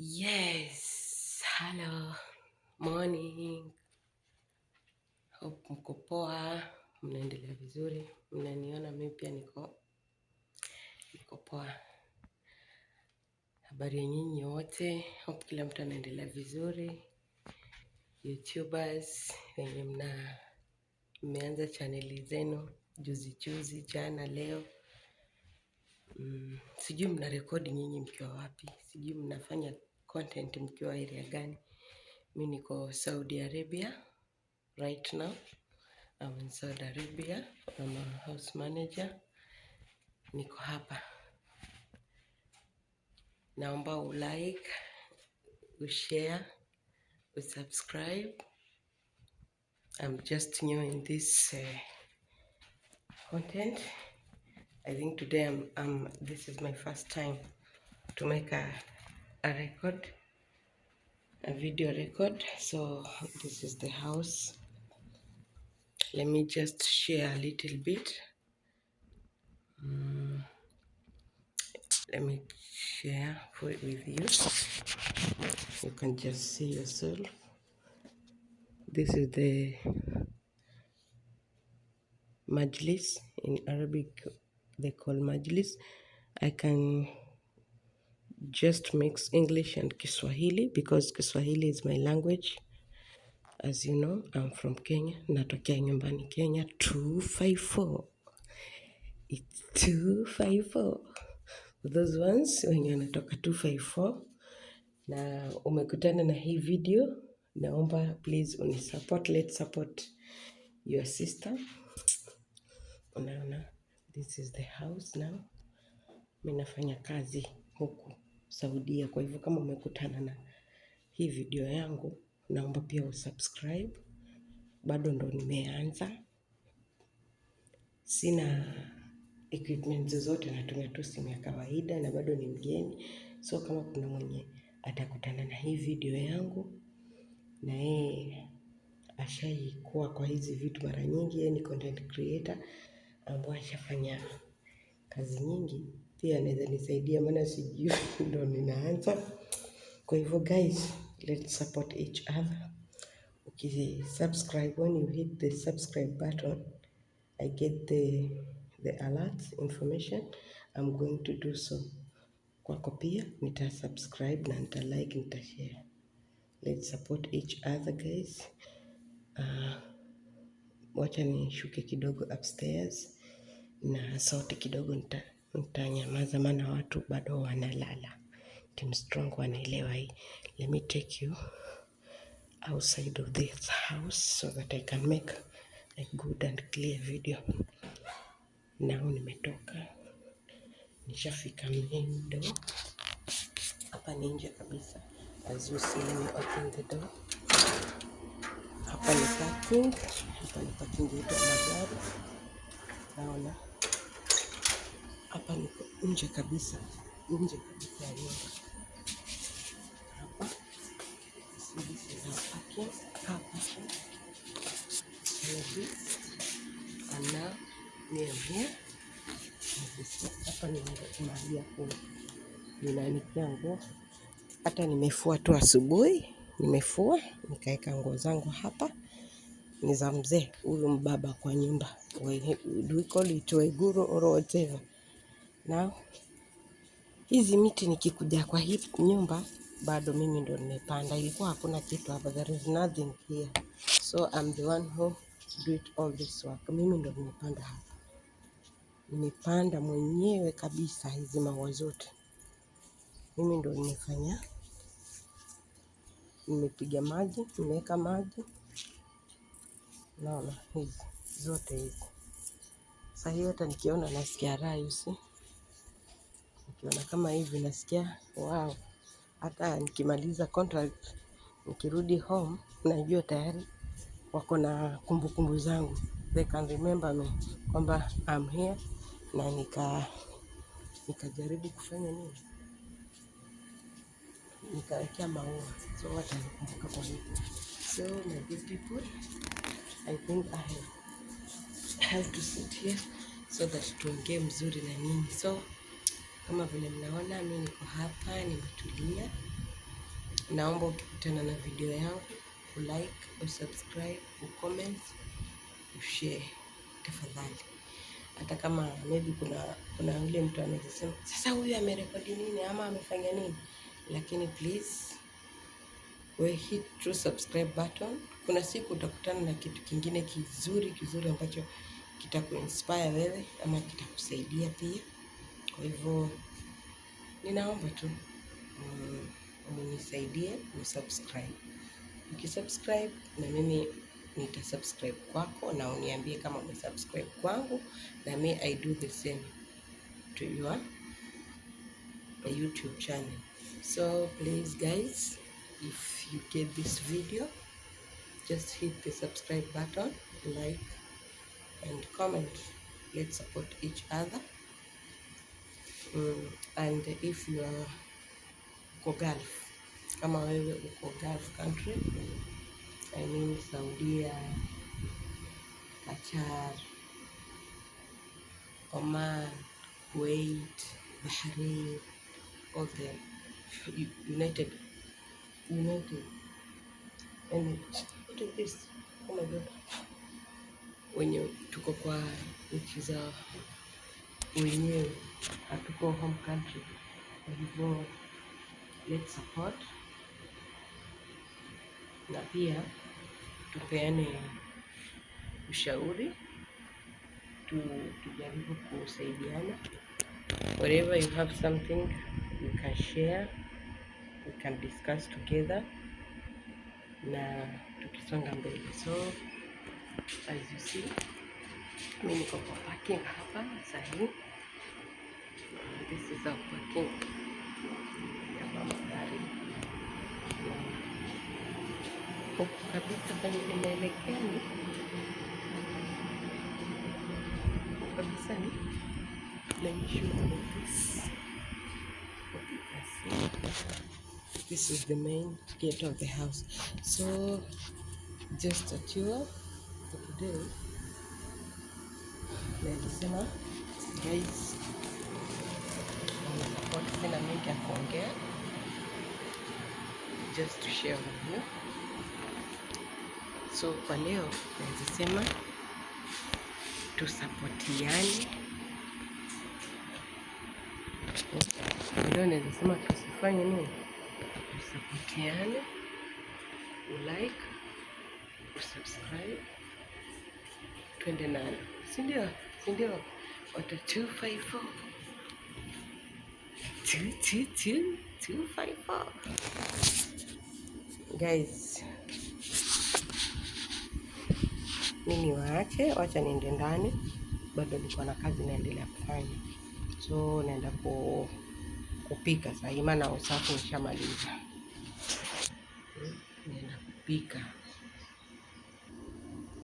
Yes, hello, morning. Hope mko poa, mnaendelea vizuri, mnaniona mimi pia niko niko poa. Habari ya nyinyi wote, hope kila mtu anaendelea vizuri. YouTubers wenye mna mmeanza chaneli zenu juzi juzi, jana, leo Mm, sijui mna rekodi nyinyi mkiwa wapi, sijui mnafanya content mkiwa area gani. Mi niko Saudi Arabia right now. I'm in Saudi Arabia. I'm a house manager. Niko hapa. Naomba ulike, ushare, usubscribe. I'm just new in this uh, content. I think today I'm, I'm, this is my first time to make a a record a video record so this is the house let me just share a little bit mm. let me share for it with you you can just see yourself this is the majlis in arabic they call majlis i can just mix English and Kiswahili because Kiswahili is my language. As you know, I'm from Kenya. Natokea nyumbani Kenya 254. It's 254. Those ones wenye wanatoka 254 na umekutana na hii video, naomba please unisupport, let's support your sister. Unaona, this is the house now. Mimi nafanya kazi huku. Saudia. Kwa hivyo kama umekutana na hii video yangu, naomba pia usubscribe. Bado ndo nimeanza, sina equipment zozote, natumia tu simu ya kawaida na bado ni mgeni. So kama kuna mwenye atakutana na hii video yangu na yeye ashaikuwa kwa hizi vitu mara nyingi, yeye ni content creator ambayo ashafanya kazi nyingi pia anaweza nisaidia, maana sijui ndo ninaanza. Kwa hivyo guys, let's support each other. Ukisubscribe, when you hit the subscribe button, I get the, the alert information. I'm going to do so kwako pia nita subscribe na nita like, nita share. Let's support each other guys. Uh, wacha nishuke kidogo upstairs na sauti kidogo nita Mtanyamaza maana watu bado wanalala. Tim Strong wanaelewa hii. Let me take you outside of this house so that I can make a good and clear video. Nao nimetoka nishafika mendo hapa ni nje kabisa, as you see let me open the door. Hapa ni parking, hapa ni parking yetu ya magari naona hapa niko nje kabisa, nje kabisa ya nyumba hapa ana niambia hapa ni mahali ya ninaanikia nguo. Hata nimefua tu asubuhi, nimefua nikaweka nguo zangu hapa. Ni za mzee huyu mbaba kwa nyumba, do we call it Waiguru or whatever na hizi miti nikikuja kwa hii nyumba bado mimi ndo nimepanda, ilikuwa hakuna kitu hapa, there is nothing here, so I'm the one who do it all this work. Mimi ndo nimepanda hapa, nimepanda mwenyewe kabisa, hizi maua zote mimi ndo nimefanya. Nimepiga maji, nimeweka maji, naona hizi zote hizi sahii, hata nikiona nasikia raha yusi nikiona kama hivi nasikia wow, hata nikimaliza contract nikirudi home, najua tayari wako na kumbukumbu zangu, they can remember me kwamba I'm here na nika nikajaribu kufanya nini, nikawekea maua, so watanikumbuka kwa hivyo. So my dear people, I think I have to sit here so that tuongee mzuri na nini so kama vile mnaona mimi niko hapa nimetulia. Naomba ukikutana na video yangu ulike, usubscribe, ucomment, ushare tafadhali. Hata kama maybe kuna kuna yule mtu anaweza sema sasa huyu amerekodi nini ama amefanya nini, lakini please we hit true subscribe button. Kuna siku utakutana na kitu kingine kizuri kizuri ambacho kitakuinspire wewe ama kitakusaidia pia. Kwa hivyo ninaomba tu unisaidie mm, usubscribe. Ukisubscribe na mimi nitasubscribe kwako, na uniambie kama umesubscribe kwangu, na me I do the same to your YouTube channel. So please guys, if you get this video, just hit the subscribe button, like and comment. Let's support each other mm, and if you are uko Gulf kama wewe uko Gulf country, I mean Saudia, Qatar, Oman, Kuwait, Bahrain, all the United United what is this? Oh my God, wenye tuko kwa nchi za wenyewe, hatuko home country. Kwa hivyo let's support na pia tupeane ushauri tu, tujaribu kusaidiana. Whatever you have something you can share, we can discuss together na tukisonga mbele. So as you see, mimi niko kwa parking hapa sahii. this is our my plate. Kung sa kayo nilalagyan, kabisan, mention this. This is the main gate of the house. So, just a tour for today. Ladies and guys. What sina mengi ya kuongea, just to share with you. So kwa leo naweza sema tusapotiane. Leo naweza sema tusifanye nini, tusapotiane, ulike, usubscribe, twende nalo, si ndio? Si ndio? Watu 254 two, Guys, mimi waache, wacha niende ndani, bado niko na kazi naendelea kufanya, so naenda ku kupika sahii, maana usafi nishamaliza, naenda kupika.